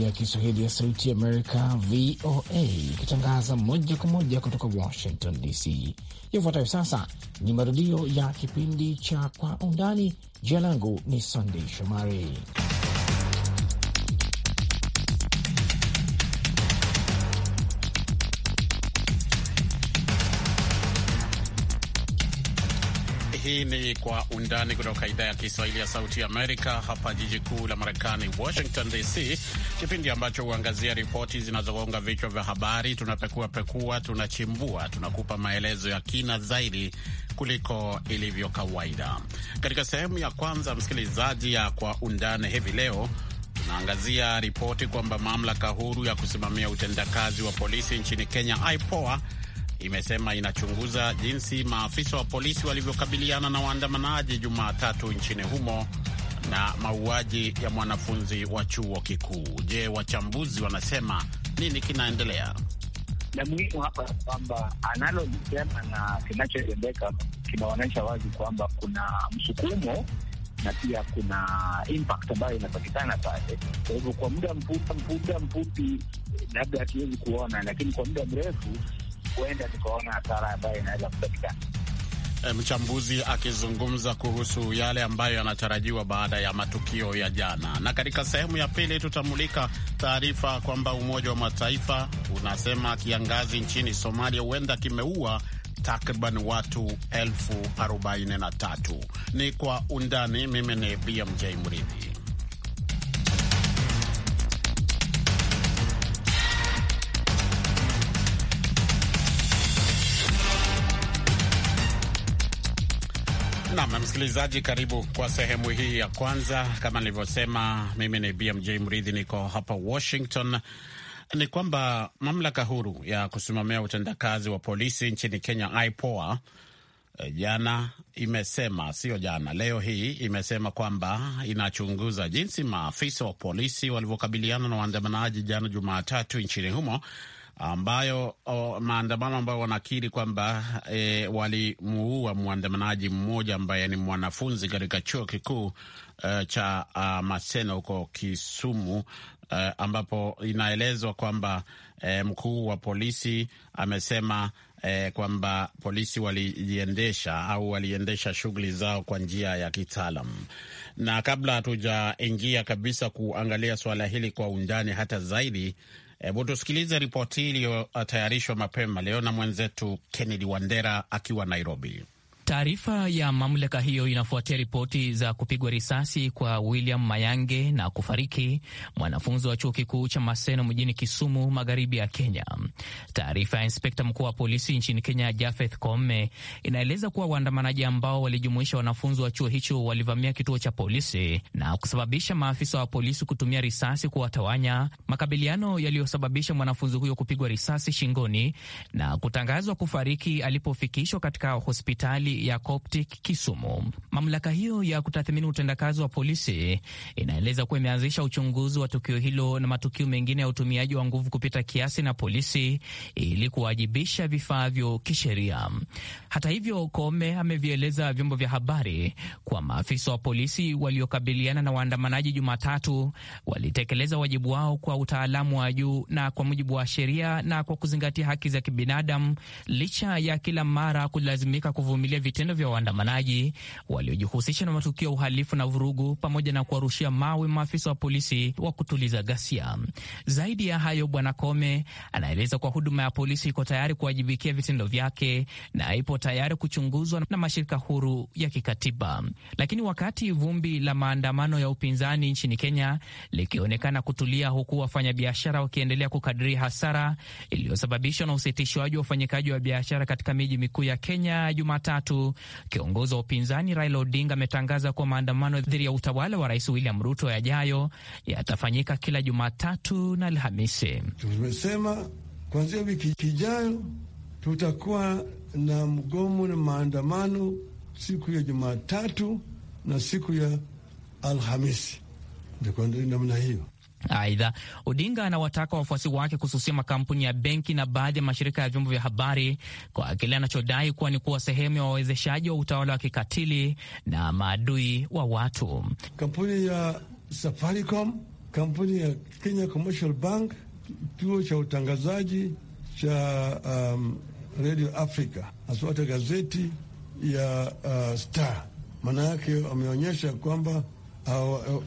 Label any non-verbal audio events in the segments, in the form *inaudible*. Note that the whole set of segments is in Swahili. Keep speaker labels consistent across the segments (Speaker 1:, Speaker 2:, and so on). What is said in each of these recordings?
Speaker 1: ya Kiswahili ya Sauti Amerika, VOA, ikitangaza moja kwa moja kutoka Washington DC. Yafuatayo sasa ni marudio ya kipindi cha Kwa Undani. Jina langu ni Sandei Shomari.
Speaker 2: Hii ni Kwa Undani kutoka idhaa ya Kiswahili ya Sauti Amerika, hapa jiji kuu la Marekani, Washington DC, kipindi ambacho huangazia ripoti zinazogonga vichwa vya habari. Tunapekua pekua, tunachimbua, tunakupa maelezo ya kina zaidi kuliko ilivyo kawaida. Katika sehemu ya kwanza, msikilizaji, ya Kwa Undani hivi leo tunaangazia ripoti kwamba mamlaka huru ya kusimamia utendakazi wa polisi nchini Kenya, IPOA, imesema inachunguza jinsi maafisa wa polisi walivyokabiliana na waandamanaji Jumatatu nchini humo na mauaji ya mwanafunzi wa chuo kikuu. Je, wachambuzi wanasema nini kinaendelea?
Speaker 1: La muhimu hapa kwamba analolisema na kinachotendeka kinaonyesha wazi kwamba kuna msukumo na pia kuna impact ambayo inapatikana pale. Kwa hivyo kwa muda mfupi, labda hatuwezi kuona, lakini kwa muda mrefu huenda tukaona hasara ambayo inaweza kupatikana.
Speaker 2: Eh, mchambuzi akizungumza kuhusu yale ambayo yanatarajiwa baada ya matukio ya jana. Na katika sehemu ya pili tutamulika taarifa kwamba Umoja wa Mataifa unasema kiangazi nchini Somalia huenda kimeua takriban watu elfu arobaini na tatu. Ni kwa undani. Mimi ni BMJ Mridhi. Nam msikilizaji, karibu kwa sehemu hii ya kwanza. Kama nilivyosema, mimi ni BMJ Mridhi, niko hapa Washington. Ni kwamba mamlaka huru ya kusimamia utendakazi wa polisi nchini Kenya, IPOA, eh, jana imesema, sio jana, leo hii imesema kwamba inachunguza jinsi maafisa wa polisi walivyokabiliana na waandamanaji jana Jumatatu nchini humo ambayo o, maandamano ambayo wanakiri kwamba e, walimuua mwandamanaji mmoja ambaye ni mwanafunzi katika chuo kikuu e, cha a, Maseno huko Kisumu e, ambapo inaelezwa kwamba e, mkuu wa polisi amesema e, kwamba polisi walijiendesha au waliendesha shughuli zao kwa njia ya kitaalam. Na kabla hatujaingia kabisa kuangalia suala hili kwa undani hata zaidi Hebu eh, tusikilize ripoti iliyotayarishwa mapema leo na mwenzetu Kennedy Wandera akiwa Nairobi.
Speaker 3: Taarifa ya mamlaka hiyo inafuatia ripoti za kupigwa risasi kwa William Mayange na kufariki mwanafunzi wa chuo kikuu cha Maseno mjini Kisumu, magharibi ya Kenya. Taarifa ya inspekta mkuu wa polisi nchini Kenya, Jafeth kome inaeleza kuwa waandamanaji ambao walijumuisha wanafunzi wa chuo hicho walivamia kituo cha polisi na kusababisha maafisa wa polisi kutumia risasi kuwatawanya, makabiliano yaliyosababisha mwanafunzi huyo kupigwa risasi shingoni na kutangazwa kufariki alipofikishwa katika hospitali ya Coptic Kisumu. Mamlaka hiyo ya kutathmini utendakazi wa polisi inaeleza kuwa imeanzisha uchunguzi wa tukio hilo na matukio mengine ya utumiaji wa nguvu kupita kiasi na polisi ili kuwajibisha vifaavyo kisheria. Hata hivyo, Kome amevieleza vyombo vya habari kuwa maafisa wa polisi waliokabiliana na waandamanaji Jumatatu walitekeleza wajibu wao kwa utaalamu wa juu na kwa mujibu wa sheria na kwa kuzingatia haki za kibinadamu licha ya kila mara kulazimika kuvumilia vitendo vya waandamanaji waliojihusisha na matukio ya uhalifu na vurugu pamoja na kuwarushia mawe maafisa wa polisi wa kutuliza ghasia. Zaidi ya hayo, Bwana Kome anaeleza kuwa huduma ya polisi iko tayari kuwajibikia vitendo vyake na ipo tayari kuchunguzwa na mashirika huru ya kikatiba. Lakini wakati vumbi la maandamano ya upinzani nchini Kenya likionekana kutulia, huku wafanyabiashara wakiendelea kukadiria hasara iliyosababishwa na usitishwaji wa ufanyikaji wa biashara katika miji mikuu ya Kenya Jumatatu, Jumatatu, kiongozi wa upinzani Raila Odinga ametangaza kuwa maandamano dhidi ya utawala wa Rais William Ruto yajayo yatafanyika kila Jumatatu na Alhamisi.
Speaker 2: Tumesema
Speaker 4: kuanzia wiki ijayo tutakuwa na mgomo na maandamano
Speaker 2: siku ya Jumatatu na siku ya Alhamisi, namna hiyo.
Speaker 3: Aidha, Odinga anawataka wafuasi wake kususia makampuni ya benki na baadhi ya mashirika ya vyombo vya habari kwa kile anachodai kuwa ni kuwa sehemu ya wawezeshaji wa utawala wa kikatili na maadui wa watu.
Speaker 2: Kampuni ya Safaricom, kampuni ya Kenya Commercial Bank, kituo cha utangazaji cha um, Radio Africa, hasa gazeti ya uh, Star. Maana yake wameonyesha kwamba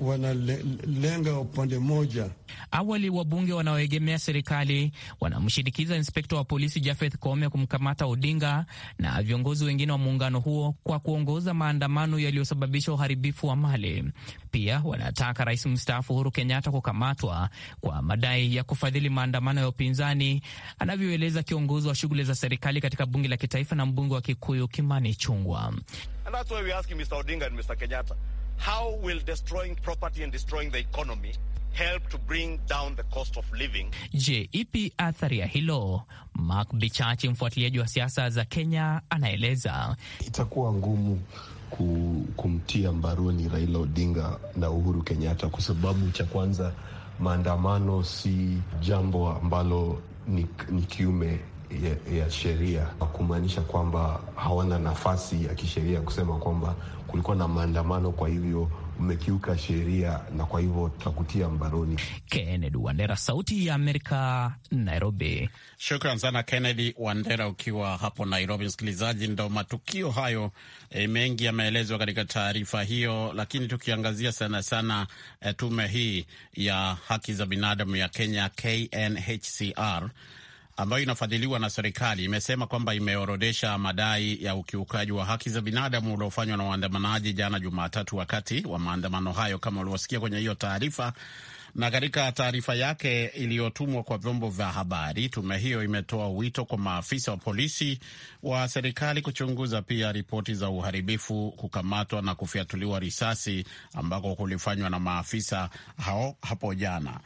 Speaker 2: wanalenga upande moja.
Speaker 3: Awali wabunge wanaoegemea serikali wanamshinikiza inspekta wa polisi Jafeth come kumkamata Odinga na viongozi wengine wa muungano huo kwa kuongoza maandamano yaliyosababisha uharibifu wa mali. Pia wanataka rais mstaafu Uhuru Kenyatta kukamatwa kwa madai ya kufadhili maandamano ya upinzani, anavyoeleza kiongozi wa shughuli za serikali katika bunge la kitaifa na mbunge wa Kikuyu Kimani Chungwa.
Speaker 2: And that's why we ask Mr. Odinga and Mr. Kenyatta how will destroying property and destroying the economy help to bring down the cost of living?
Speaker 3: Je, ipi athari ya hilo? Mark Bichachi, mfuatiliaji wa siasa za Kenya, anaeleza.
Speaker 2: Itakuwa ngumu kumtia mbaroni Raila Odinga na Uhuru Kenyatta kwa sababu cha kwanza, maandamano si jambo ambalo ni, ni kiume ya, ya sheria, kumaanisha kwamba hawana nafasi ya kisheria kusema kwamba kulikuwa na maandamano, kwa hivyo umekiuka sheria na kwa hivyo tutakutia mbaroni. Kennedy Wandera,
Speaker 3: Sauti ya Amerika, Nairobi.
Speaker 2: Shukran sana Kennedy Wandera ukiwa hapo Nairobi. Msikilizaji, ndo matukio hayo e, mengi yameelezwa katika taarifa hiyo, lakini tukiangazia sana sana e, tume hii ya haki za binadamu ya Kenya KNHCR ambayo inafadhiliwa na serikali imesema kwamba imeorodesha madai ya ukiukaji wa haki za binadamu uliofanywa na waandamanaji jana Jumatatu, wakati wa maandamano hayo, kama ulivyosikia kwenye hiyo taarifa. Na katika taarifa yake iliyotumwa kwa vyombo vya habari, tume hiyo imetoa wito kwa maafisa wa polisi wa serikali kuchunguza pia ripoti za uharibifu, kukamatwa na kufyatuliwa risasi ambako kulifanywa na maafisa hao hapo jana.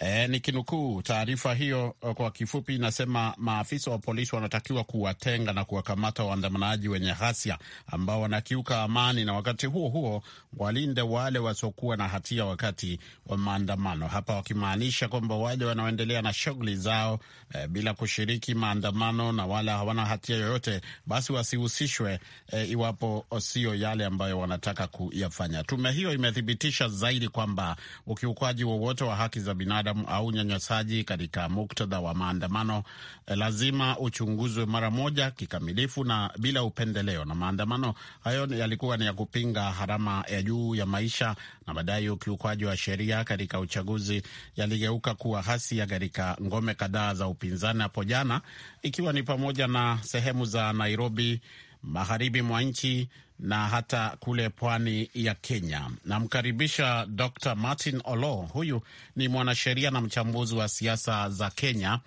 Speaker 2: E, nikinukuu taarifa hiyo e, kwa kifupi inasema maafisa wa polisi wanatakiwa kuwatenga na kuwakamata waandamanaji wenye ghasia ambao wanakiuka amani, na wakati huo huo walinde wale wasiokuwa na hatia wakati wa maandamano, hapa wakimaanisha kwamba wale wanaoendelea na shughuli zao e, bila kushiriki maandamano na wala hawana hatia yoyote, basi wasihusishwe e, iwapo sio yale ambayo wanataka kuyafanya. Tume hiyo imethibitisha zaidi kwamba ukiukwaji wowote wa haki za binadamu binadamu au unyanyasaji katika muktadha wa maandamano eh, lazima uchunguzwe mara moja kikamilifu na bila upendeleo. Na maandamano hayo yalikuwa ni ya kupinga gharama ya juu ya maisha na madai ukiukwaji wa sheria katika uchaguzi yaligeuka kuwa ghasia katika ngome kadhaa za upinzani hapo jana, ikiwa ni pamoja na sehemu za Nairobi, magharibi mwa nchi na hata kule pwani ya Kenya. Namkaribisha Dr Martin Olo, huyu ni mwanasheria na mchambuzi wa siasa za Kenya.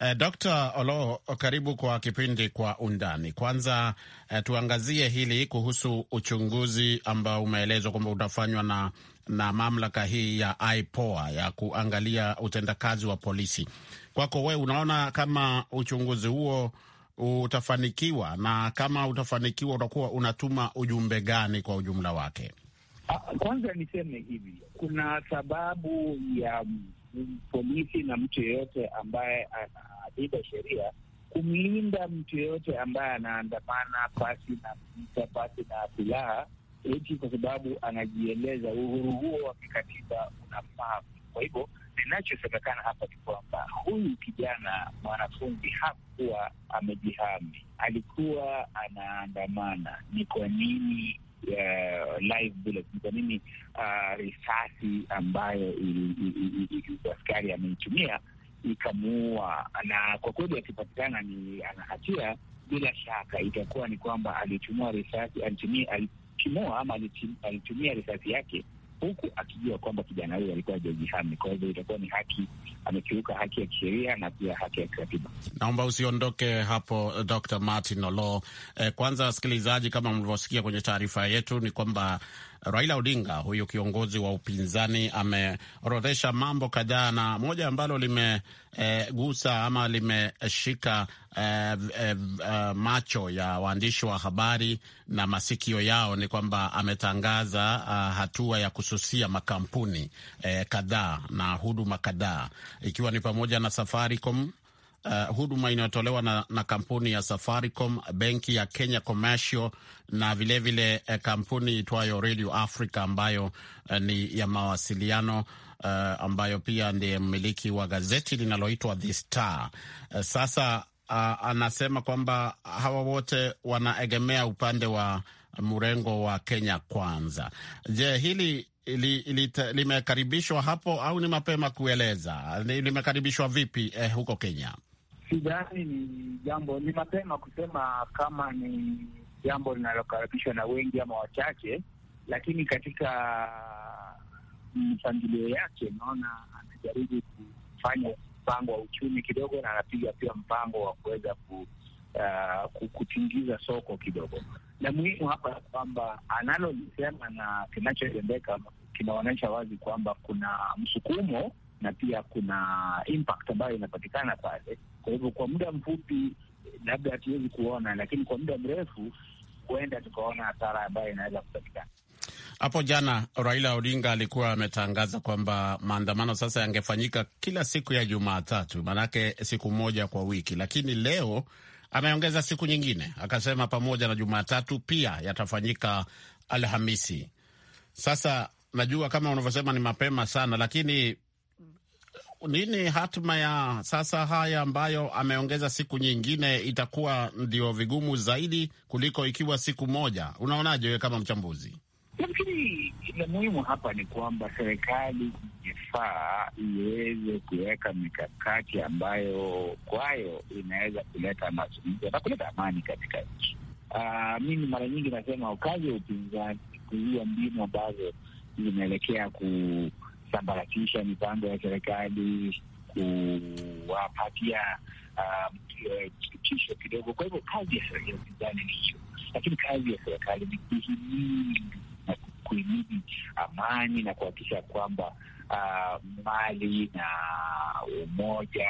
Speaker 2: Eh, Dr Olo, karibu kwa kipindi Kwa Undani. Kwanza eh, tuangazie hili kuhusu uchunguzi ambao umeelezwa kwamba utafanywa na na mamlaka hii ya IPOA ya kuangalia utendakazi wa polisi. Kwako wewe, unaona kama uchunguzi huo utafanikiwa, na kama utafanikiwa utakuwa unatuma ujumbe gani kwa ujumla wake?
Speaker 1: Ah, kwanza niseme hivi, kuna sababu ya polisi na mtu yeyote ambaye analinda sheria kumlinda mtu yeyote ambaye anaandamana pasi na vita, pasi na silaha, eti kwa sababu anajieleza. Uhuru huo wa kikatiba unafaa. kwa hivyo Kinachosemekana hapa ni kwamba huyu kijana mwanafunzi hakuwa amejihami, alikuwa anaandamana. Ni kwa nini Uh, live bullets kwa nini uh, risasi ambayo askari ameitumia ikamuua, na kwa kweli akipatikana ni ana hatia, bila shaka itakuwa ni kwamba alitumua risasi, alitumia ama alitumia risasi yake huku akijua kwamba kijana huyo alikuwa hajajihami. Kwa hivyo itakuwa ni haki, amekiuka haki ya kisheria na pia haki ya kikatiba.
Speaker 2: Naomba usiondoke hapo, Dr Martin Olo. Eh, kwanza wasikilizaji, kama mlivyosikia kwenye taarifa yetu ni kwamba Raila Odinga, huyu kiongozi wa upinzani, ameorodhesha mambo kadhaa, na moja ambalo limegusa eh, ama limeshika eh, eh, eh, macho ya waandishi wa habari na masikio yao ni kwamba ametangaza a, ah, hatua ya kususia makampuni eh, kadhaa na huduma kadhaa ikiwa ni pamoja na Safaricom uh, huduma inayotolewa na, na kampuni ya Safaricom, benki ya Kenya Commercial na vilevile vile, uh, kampuni itwayo Radio Africa ambayo uh, ni ya mawasiliano uh, ambayo pia ndiye mmiliki wa gazeti linaloitwa The Star. Uh, sasa uh, anasema kwamba hawa wote wanaegemea upande wa mrengo wa Kenya Kwanza. Je, hili limekaribishwa hapo au ni mapema kueleza? Limekaribishwa vipi eh, huko Kenya?
Speaker 1: sidhani ni jambo, ni mapema kusema kama ni jambo linalokaribishwa na wengi ama wachache, lakini katika mipangilio yake naona anajaribu kufanya mpango wa uchumi kidogo, na anapiga pia mpango wa kuweza ku, uh, kutingiza soko kidogo. Na muhimu hapa ya kwamba analolisema na kinachotendeka kinaonyesha wazi kwamba kuna msukumo na pia kuna impact ambayo inapatikana pale kwa hivyo kwa muda mfupi eh, labda hatuwezi kuona, lakini kwa muda mrefu huenda tukaona hasara ambayo inaweza kupatikana.
Speaker 2: Hapo jana Raila Odinga alikuwa ametangaza kwamba maandamano sasa yangefanyika kila siku ya Jumatatu, maanake siku moja kwa wiki, lakini leo ameongeza siku nyingine, akasema pamoja na Jumatatu pia yatafanyika Alhamisi. Sasa najua kama unavyosema ni mapema sana, lakini nini hatima ya sasa haya ambayo ameongeza siku nyingine itakuwa ndio vigumu zaidi kuliko ikiwa siku moja? Unaonaje wewe kama mchambuzi?
Speaker 1: Nafikiri la muhimu hapa ni kwamba serikali ikifaa iweze kuweka mikakati ambayo kwayo inaweza kuleta mazungumzo na kuleta amani katika nchi. Ah, mimi mara nyingi nasema ukazi wa upinzani kuzuia mbinu ambazo zinaelekea ku kusambaratisha mipango ya serikali, kuwapatia um, eh, tisho kidogo. Kwa hivyo kazi ya upinzani ni hiyo, lakini kazi ya serikali ni kuhimili na kuhimidi amani na kuhakikisha kwamba uh, mali na umoja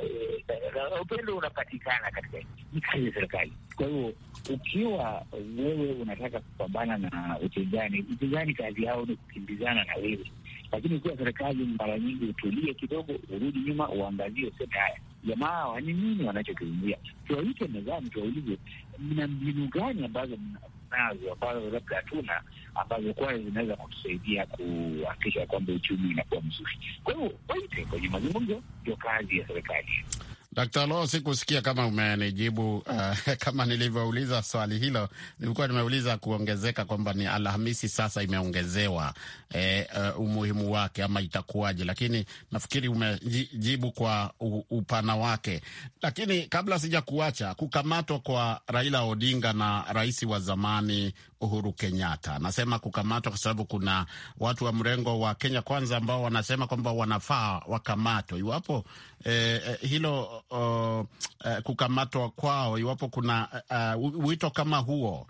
Speaker 1: eh, na, upendo unapatikana katika ni kazi ya serikali. Kwa hiyo ukiwa wewe unataka kupambana na upinzani, upinzani kazi yao ni kukimbizana na wewe lakini ukiwa serikali mara nyingi utulie kidogo, urudi nyuma, uangalie, useme haya jamaa hawa ni nini wanachokizungumzia. Tuwaite mezani, tuwaulize mna mbinu gani ambazo mnazo ambazo labda hatuna, ambazo kwayo zinaweza kutusaidia kuhakikisha kwamba uchumi unakuwa mzuri. Kwa hiyo waite kwenye mazungumzo, ndio kazi ya serikali.
Speaker 2: Dr. Lo, sikusikia kama umenijibu *laughs* uh, kama nilivyouliza swali hilo. Nilikuwa nimeuliza kuongezeka kwamba ni Alhamisi sasa imeongezewa eh, uh, umuhimu wake ama itakuwaje, lakini nafikiri umejibu kwa upana wake. Lakini kabla sija kuacha, kukamatwa kwa Raila Odinga na rais wa zamani Uhuru Kenyatta, anasema kukamatwa kwa sababu kuna watu wa mrengo wa Kenya Kwanza ambao wanasema kwamba wanafaa wakamatwe iwapo eh, eh hilo Uh, uh, kukamatwa kwao, iwapo kuna uh, uh wito kama huo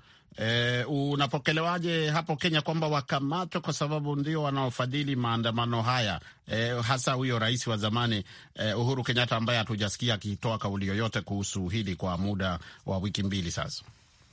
Speaker 2: uh, unapokelewaje hapo Kenya kwamba wakamatwe kwa sababu ndio wanaofadhili maandamano haya uh, hasa huyo rais wa zamani uh, Uhuru Kenyatta ambaye hatujasikia akitoa kauli yoyote kuhusu hili kwa muda wa wiki mbili sasa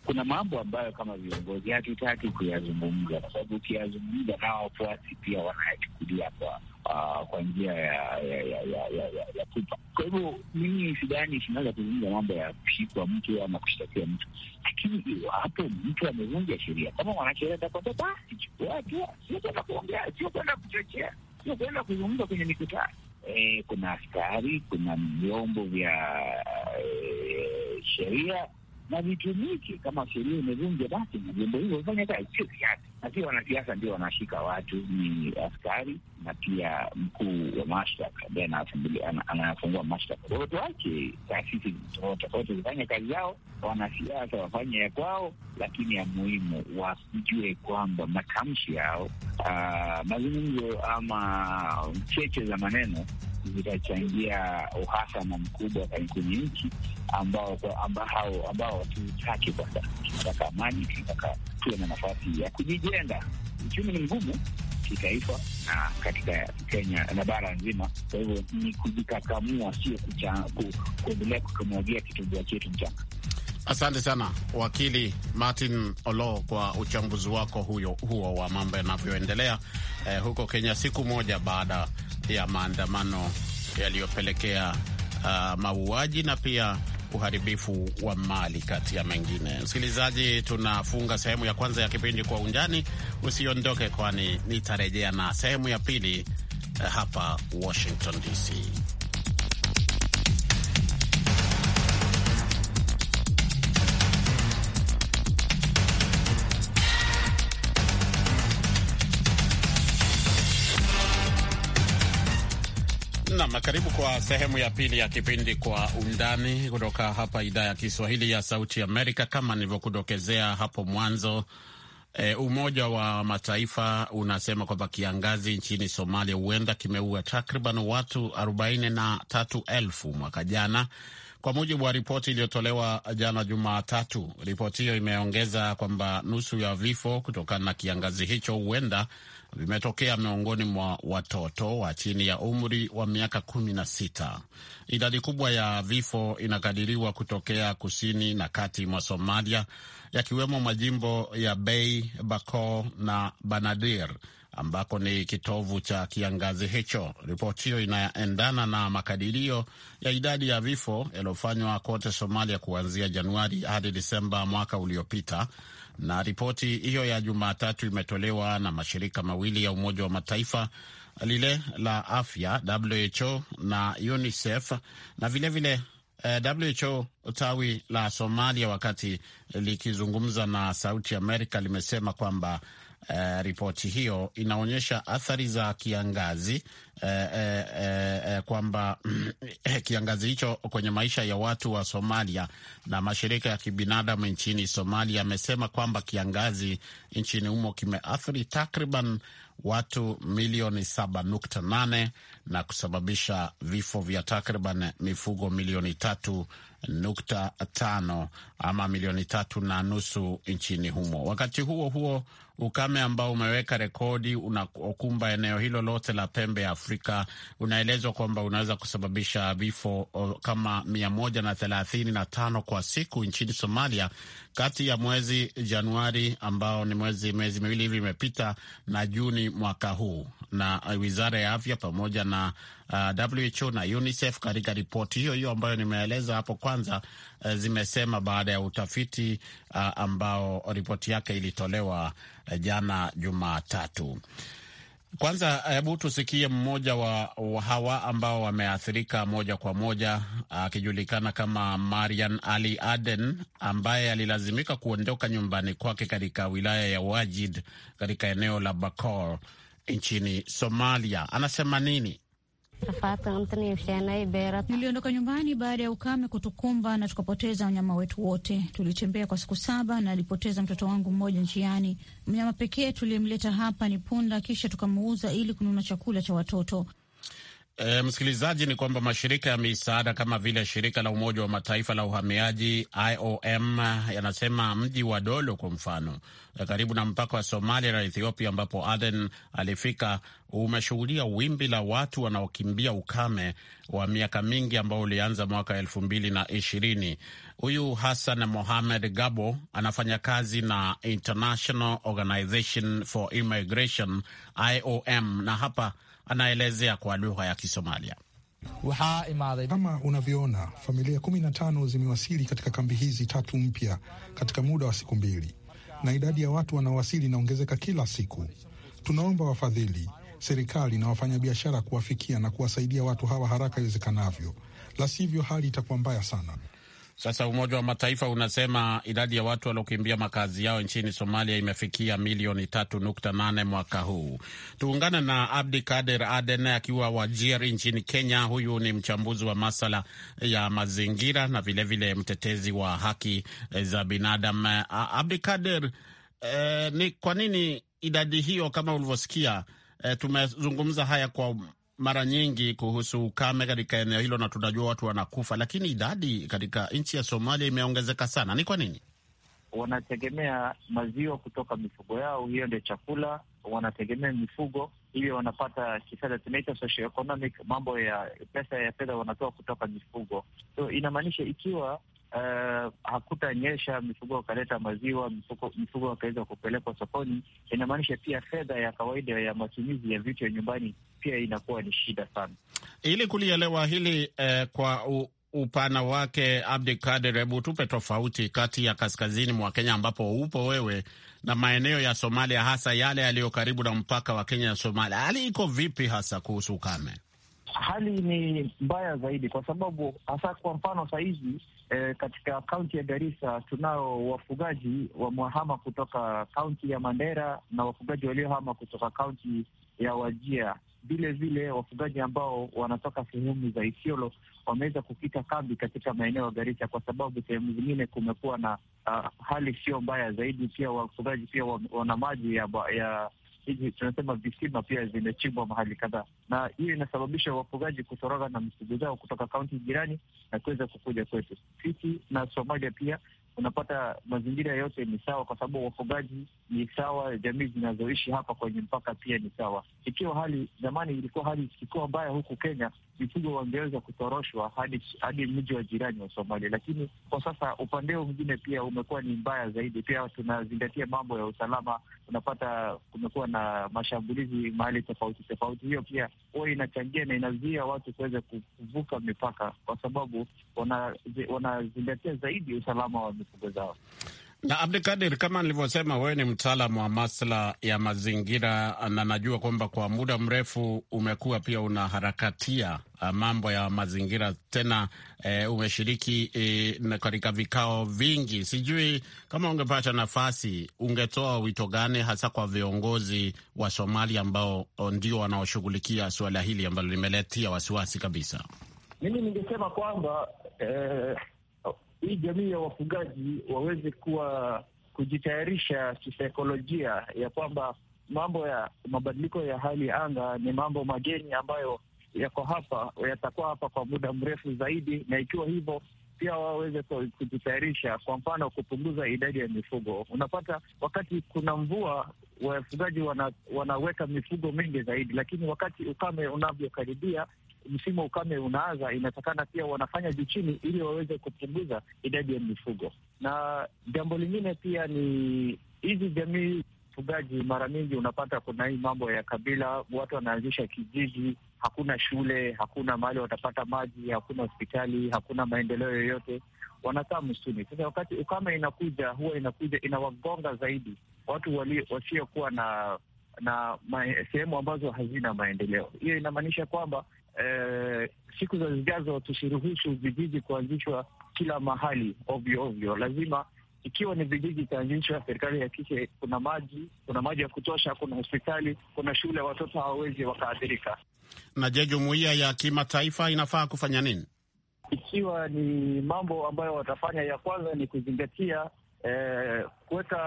Speaker 1: kuna mambo ambayo kama viongozi hatutaki kuyazungumza, kwa sababu ukiyazungumza nao wafuasi pia wanayachukulia kwa uh, kwa njia ya ya ya ya, ya, ya, ya kupa. Kwa hivyo mimi sidhani tunaweza kuzungumza mambo ya kushikwa mtu ama kushtakia mtu, lakini hapo mtu amevunja sheria. Kama mwanasheria atakwambia basi chukua hatua, sio kwenda kuongea, sio kwenda kuchochea, sio kwenda kuzungumza kwenye mikutano. E, kuna askari, kuna vyombo vya e, sheria na vitumike kama sheria imevunjwa, basi na vyombo hivyo vifanya kazi, sio siasa. Na pia wanasiasa ndio wanashika watu, ni askari na pia mkuu wa mashtaka ambaye anafungua mashtaka. Wote wake taasisi tofauti tofauti zifanye kazi yao, wanasiasa wafanye ya kwao, lakini ya muhimu wajue kwamba matamshi yao, ah, mazungumzo ama cheche za maneno zitachangia uhasama mkubwa kwenye nchi ambao hatutaki. Kwa sasa tunataka amani, tunataka tuwe na nafasi ya kujijenga. Uchumi ni mgumu kitaifa na katika Kenya na bara nzima. Kwa hivyo ni kujikakamua, sio
Speaker 2: kuendelea kukamwagia kitumbua chetu mchanga. Asante sana wakili Martin Olo kwa uchambuzi wako huyo huo wa mambo yanavyoendelea eh, huko Kenya siku moja baada ya maandamano yaliyopelekea uh, mauaji na pia uharibifu wa mali kati ya mengine. Msikilizaji, tunafunga sehemu ya kwanza ya kipindi Kwa Undani. Usiondoke, kwani nitarejea na sehemu ya pili eh, hapa Washington DC. Nam, karibu kwa sehemu ya pili ya kipindi Kwa Undani kutoka hapa idhaa ya Kiswahili ya Sauti Amerika. Kama nilivyokudokezea hapo mwanzo, e, Umoja wa Mataifa unasema kwamba kiangazi nchini Somalia huenda kimeua takriban watu elfu na tatu mwaka jana kwa mujibu wa ripoti iliyotolewa jana Jumatatu. Ripoti hiyo imeongeza kwamba nusu ya vifo kutokana na kiangazi hicho huenda vimetokea miongoni mwa watoto wa chini ya umri wa miaka kumi na sita. Idadi kubwa ya vifo inakadiriwa kutokea kusini na kati mwa Somalia, yakiwemo majimbo ya Bay, Bako na Banadir ambako ni kitovu cha kiangazi hicho. Ripoti hiyo inaendana na makadirio ya idadi ya vifo yaliyofanywa kote Somalia kuanzia Januari hadi Disemba mwaka uliopita, na ripoti hiyo ya Jumatatu imetolewa na mashirika mawili ya Umoja wa Mataifa, lile la afya WHO na UNICEF na vilevile vile eh, WHO tawi la Somalia, wakati likizungumza na Sauti Amerika, limesema kwamba Eh, ripoti hiyo inaonyesha athari za kiangazi Eh, eh, eh, eh, kwamba *clears throat* eh, kiangazi hicho kwenye maisha ya watu wa Somalia, na mashirika ya kibinadamu nchini Somalia yamesema kwamba kiangazi nchini humo kimeathiri takriban watu milioni 7.8 na kusababisha vifo vya takriban mifugo milioni tatu nukta tano ama milioni tatu na nusu nchini humo. Wakati huo huo, ukame ambao umeweka rekodi unakumba eneo hilo lote la pembe ya Afrika Afrika unaelezwa kwamba unaweza kusababisha vifo kama mia moja na na thelathini tano kwa siku nchini Somalia kati ya mwezi Januari ambao ni mwezi miezi miwili hivi imepita na Juni mwaka huu, na uh, wizara ya afya pamoja na uh, WHO na UNICEF katika ripoti hiyo hiyo ambayo nimeeleza hapo kwanza, uh, zimesema baada ya utafiti uh, ambao ripoti yake ilitolewa uh, jana Jumatatu. Kwanza hebu tusikie mmoja wa, wa hawa ambao wameathirika moja kwa moja, akijulikana kama Marian Ali Aden ambaye alilazimika kuondoka nyumbani kwake katika wilaya ya Wajid katika eneo la bakor nchini Somalia. Anasema nini?
Speaker 4: Niliondoka nyumbani baada ya ukame kutukumba na tukapoteza wanyama wetu wote. Tulitembea kwa siku saba na alipoteza mtoto wangu mmoja njiani. Mnyama pekee tuliyemleta hapa ni punda, kisha tukamuuza ili kununua chakula cha watoto.
Speaker 2: E, msikilizaji, ni kwamba mashirika ya misaada kama vile shirika la Umoja wa Mataifa la uhamiaji IOM yanasema mji wa Dolo kwa mfano, eh, karibu na mpaka wa Somalia na Ethiopia, ambapo Aden alifika, umeshughudia wimbi la watu wanaokimbia ukame wa miaka mingi ambao ulianza mwaka elfu mbili na ishirini. Huyu Hassan Mohamed Gabo anafanya kazi na International Organization for Immigration IOM, na hapa anaelezea kwa lugha ya Kisomalia.
Speaker 3: Kama unavyoona, familia kumi na tano zimewasili katika kambi hizi tatu mpya katika muda wa siku mbili, na idadi ya watu wanaowasili inaongezeka kila siku. Tunaomba wafadhili, serikali na wafanyabiashara kuwafikia na kuwasaidia watu hawa haraka iwezekanavyo, la sivyo hali itakuwa mbaya sana.
Speaker 2: Sasa Umoja wa Mataifa unasema idadi ya watu waliokimbia makazi yao nchini Somalia imefikia milioni 3.8 mwaka huu. Tuungane na Abdi Kader Aden akiwa Wajir nchini Kenya. Huyu ni mchambuzi wa masala ya mazingira na vilevile vile mtetezi wa haki e, za binadamu. E, Abdi Kader, eh, ni kwa nini idadi hiyo kama ulivyosikia? Eh, tumezungumza haya kwa mara nyingi kuhusu ukame katika eneo hilo, na tunajua watu wanakufa, lakini idadi katika nchi ya Somalia imeongezeka sana. Ni kwa nini?
Speaker 1: Wanategemea maziwa kutoka mifugo yao, hiyo ndio chakula wanategemea mifugo hivyo wanapata kifedha, tunaita mambo ya pesa ya fedha wanatoa kutoka mifugo. So inamaanisha ikiwa uh, hakutanyesha, mifugo wakaleta maziwa, mifugo wakaweza kupelekwa sokoni, inamaanisha pia fedha ya kawaida ya matumizi ya vitu ya nyumbani pia inakuwa ni shida sana.
Speaker 2: Ili kulielewa hili eh, kwa u upana wake, Abdi Kader, hebu tupe tofauti kati ya kaskazini mwa Kenya ambapo upo wewe na maeneo ya Somalia, hasa yale yaliyo karibu na mpaka wa Kenya na Somalia. Hali iko vipi hasa kuhusu ukame?
Speaker 1: Hali ni mbaya zaidi, kwa sababu hasa kwa mfano sahizi E, katika kaunti ya Garissa tunao wafugaji wamehama kutoka kaunti ya Mandera na wafugaji waliohama kutoka kaunti ya Wajia. Vile vile wafugaji ambao wanatoka sehemu za Isiolo wameweza kukita kambi katika maeneo ya Garissa, kwa sababu sehemu zingine kumekuwa na uh, hali sio mbaya zaidi. Pia wafugaji pia wana maji ya, ya hizi tunasema visima pia zimechimbwa mahali kadhaa, na hiyo inasababisha wafugaji kutoroka na mifugo zao kutoka kaunti jirani na kuweza kukuja kwetu sisi na Somalia pia unapata mazingira yote ni sawa, kwa sababu wafugaji ni sawa, jamii zinazoishi hapa kwenye mpaka pia ni sawa. Ikiwa hali zamani ilikuwa hali ikiwa mbaya huku Kenya, mifugo wangeweza kutoroshwa hadi hadi mji wa jirani wa Somalia. Lakini kwa sasa upande huo mwingine pia umekuwa ni mbaya zaidi. Pia tunazingatia mambo ya usalama, unapata kumekuwa na mashambulizi mahali tofauti tofauti. Hiyo pia huwa inachangia na inazuia watu kuweza kuvuka mipaka, kwa sababu wanazingatia wana zaidi usalama wa mifugo zao.
Speaker 2: Na Abdikadir, kama nilivyosema, wewe ni mtaalamu wa masuala ya mazingira na najua kwamba kwa muda mrefu umekuwa pia unaharakatia uh, mambo ya mazingira tena, e, umeshiriki e, katika vikao vingi. Sijui kama ungepata nafasi, ungetoa wito gani hasa kwa viongozi wa Somalia ambao oh, ndio wanaoshughulikia suala hili ambalo limeletia wasiwasi kabisa?
Speaker 1: Mimi ningesema kwamba eh hii jamii ya wafugaji waweze kuwa kujitayarisha kisaikolojia ya kwamba mambo ya mabadiliko ya hali ya anga ni mambo mageni ambayo yako hapa, yatakuwa hapa kwa muda mrefu zaidi, na ikiwa hivyo pia waweze kujitayarisha. Kwa mfano, kupunguza idadi ya mifugo. Unapata wakati kuna mvua, wafugaji wana, wanaweka mifugo mingi zaidi, lakini wakati ukame unavyokaribia, msimu wa ukame unaanza, inatakana pia wanafanya juu chini ili waweze kupunguza idadi ya mifugo. Na jambo lingine pia ni hizi jamii fugaji, mara nyingi unapata kuna hii mambo ya kabila, watu wanaanzisha kijiji, hakuna shule, hakuna mahali watapata maji, hakuna hospitali, hakuna maendeleo yoyote, wanakaa msituni. Sasa wakati ukame inakuja, huwa inakuja inawagonga zaidi watu wasiokuwa na na sehemu ambazo hazina maendeleo. Hiyo inamaanisha kwamba eh, siku za zijazo tusiruhusu vijiji kuanzishwa kila mahali ovyo ovyo. Lazima ikiwa ni vijiji itaanzishwa, serikali kike kuna maji, kuna maji ya kutosha, kuna hospitali, kuna shule, watoto hawawezi wakaathirika.
Speaker 2: Na je, jumuiya ya kimataifa inafaa kufanya nini?
Speaker 1: Ikiwa ni mambo ambayo watafanya, ya kwanza ni kuzingatia eh, kuweka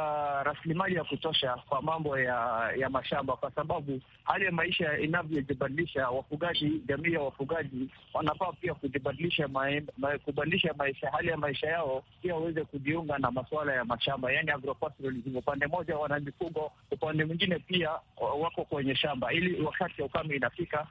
Speaker 1: rasilimali ya kutosha kwa mambo ya ya mashamba, kwa sababu hali ya maisha inavyojibadilisha, wafugaji, jamii ya wafugaji wanafaa pia kujibadilisha ma, kubadilisha maisha, hali ya maisha yao pia waweze kujiunga na masuala ya mashamba, yani agroforestry. Upande mmoja wana mifugo, upande mwingine pia wako kwenye shamba, ili wakati ya ukame inafika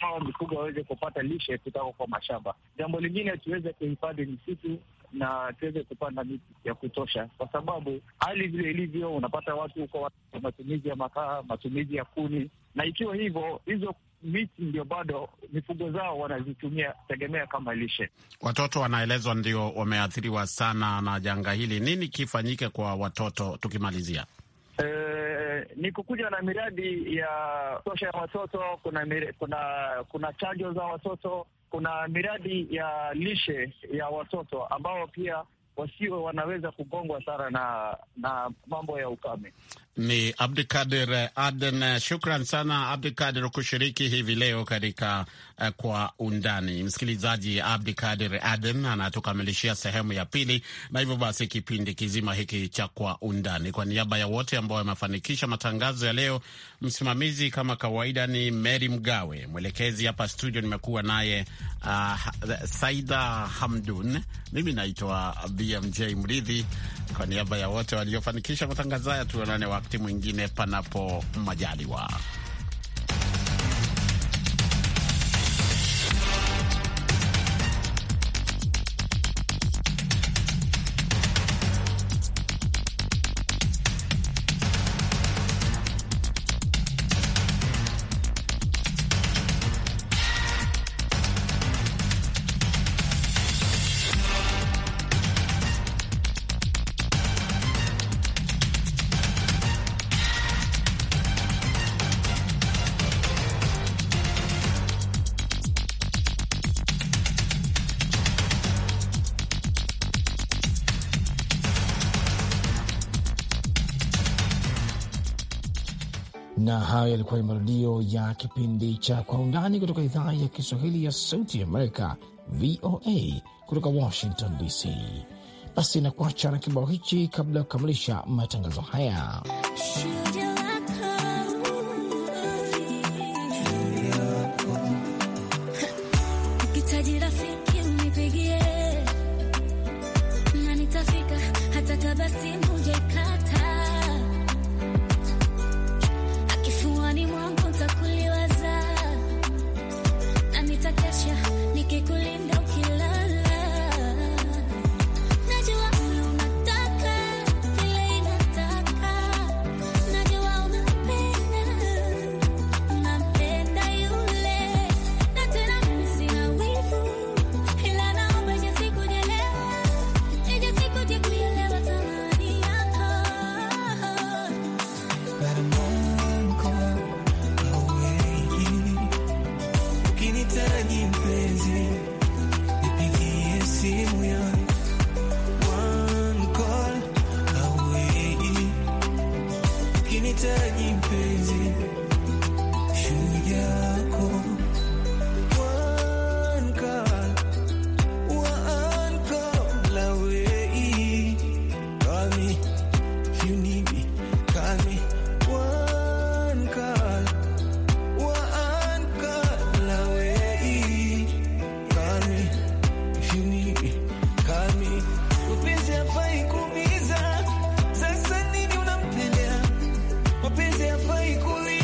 Speaker 1: hawa mifugo waweze kupata lishe kutoka kwa mashamba. Jambo lingine tuweze kuhifadhi misitu na tuweze kupanda miti ya kutosha, kwa sababu hali vile ilivyo, unapata watu wa matumizi ya makaa, matumizi ya kuni, na ikiwa hivyo hizo miti ndio bado mifugo zao wanazitumia tegemea kama lishe.
Speaker 2: Watoto wanaelezwa ndio wameathiriwa sana na janga hili. Nini kifanyike kwa watoto tukimalizia?
Speaker 1: E, ni kukuja na miradi ya tosha ya watoto. Kuna, kuna, kuna chanjo za watoto kuna miradi ya lishe ya watoto ambao pia wasio wanaweza kugongwa sana na na mambo ya ukame.
Speaker 2: Ni Abdikadir Aden. Shukran sana Abdikadir kushiriki hivi leo katika uh, kwa undani. Msikilizaji, Abdikadir Aden anatukamilishia sehemu ya pili, na hivyo basi kipindi kizima hiki cha kwa undani, kwa niaba ya wote ambao wamefanikisha matangazo ya leo, msimamizi kama kawaida ni Mary Mgawe, mwelekezi hapa studio nimekuwa naye uh, Saida Hamdun, mimi naitwa BMJ Mridhi. Kwa niaba ya wote waliofanikisha matangazo haya, tuonane wakati mwingine, panapo majaliwa.
Speaker 1: na hayo yalikuwa ni marudio ya kipindi cha Kwa Undani kutoka idhaa ya Kiswahili ya Sauti ya Amerika, VOA, kutoka Washington
Speaker 4: DC. Basi nakuacha na kibao hichi kabla ya kukamilisha matangazo haya.
Speaker 5: se play y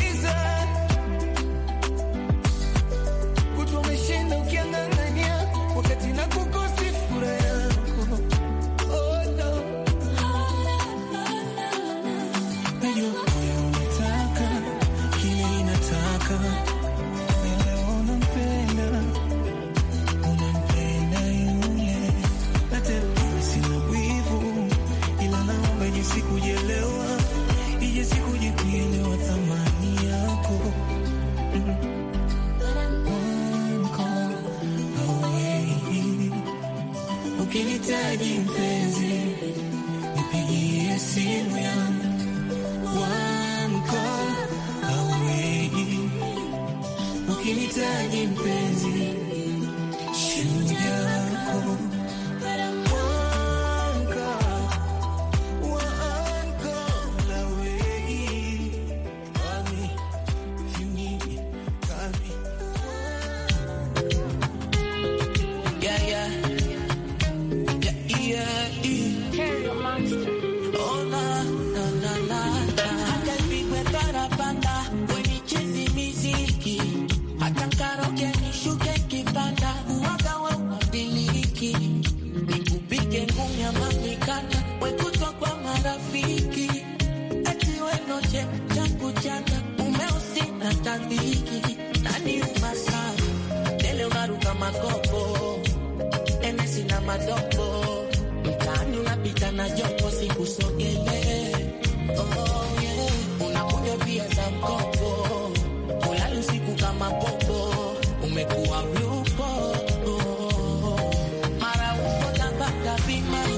Speaker 4: my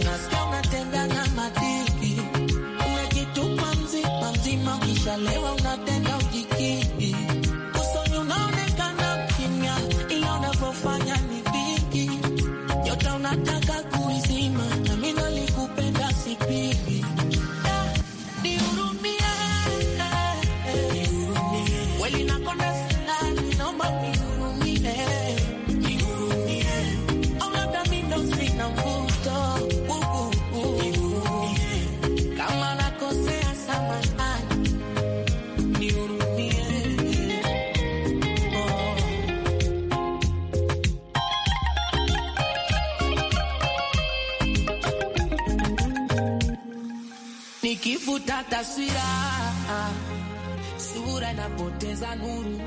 Speaker 4: taswira, sura inapoteza nuru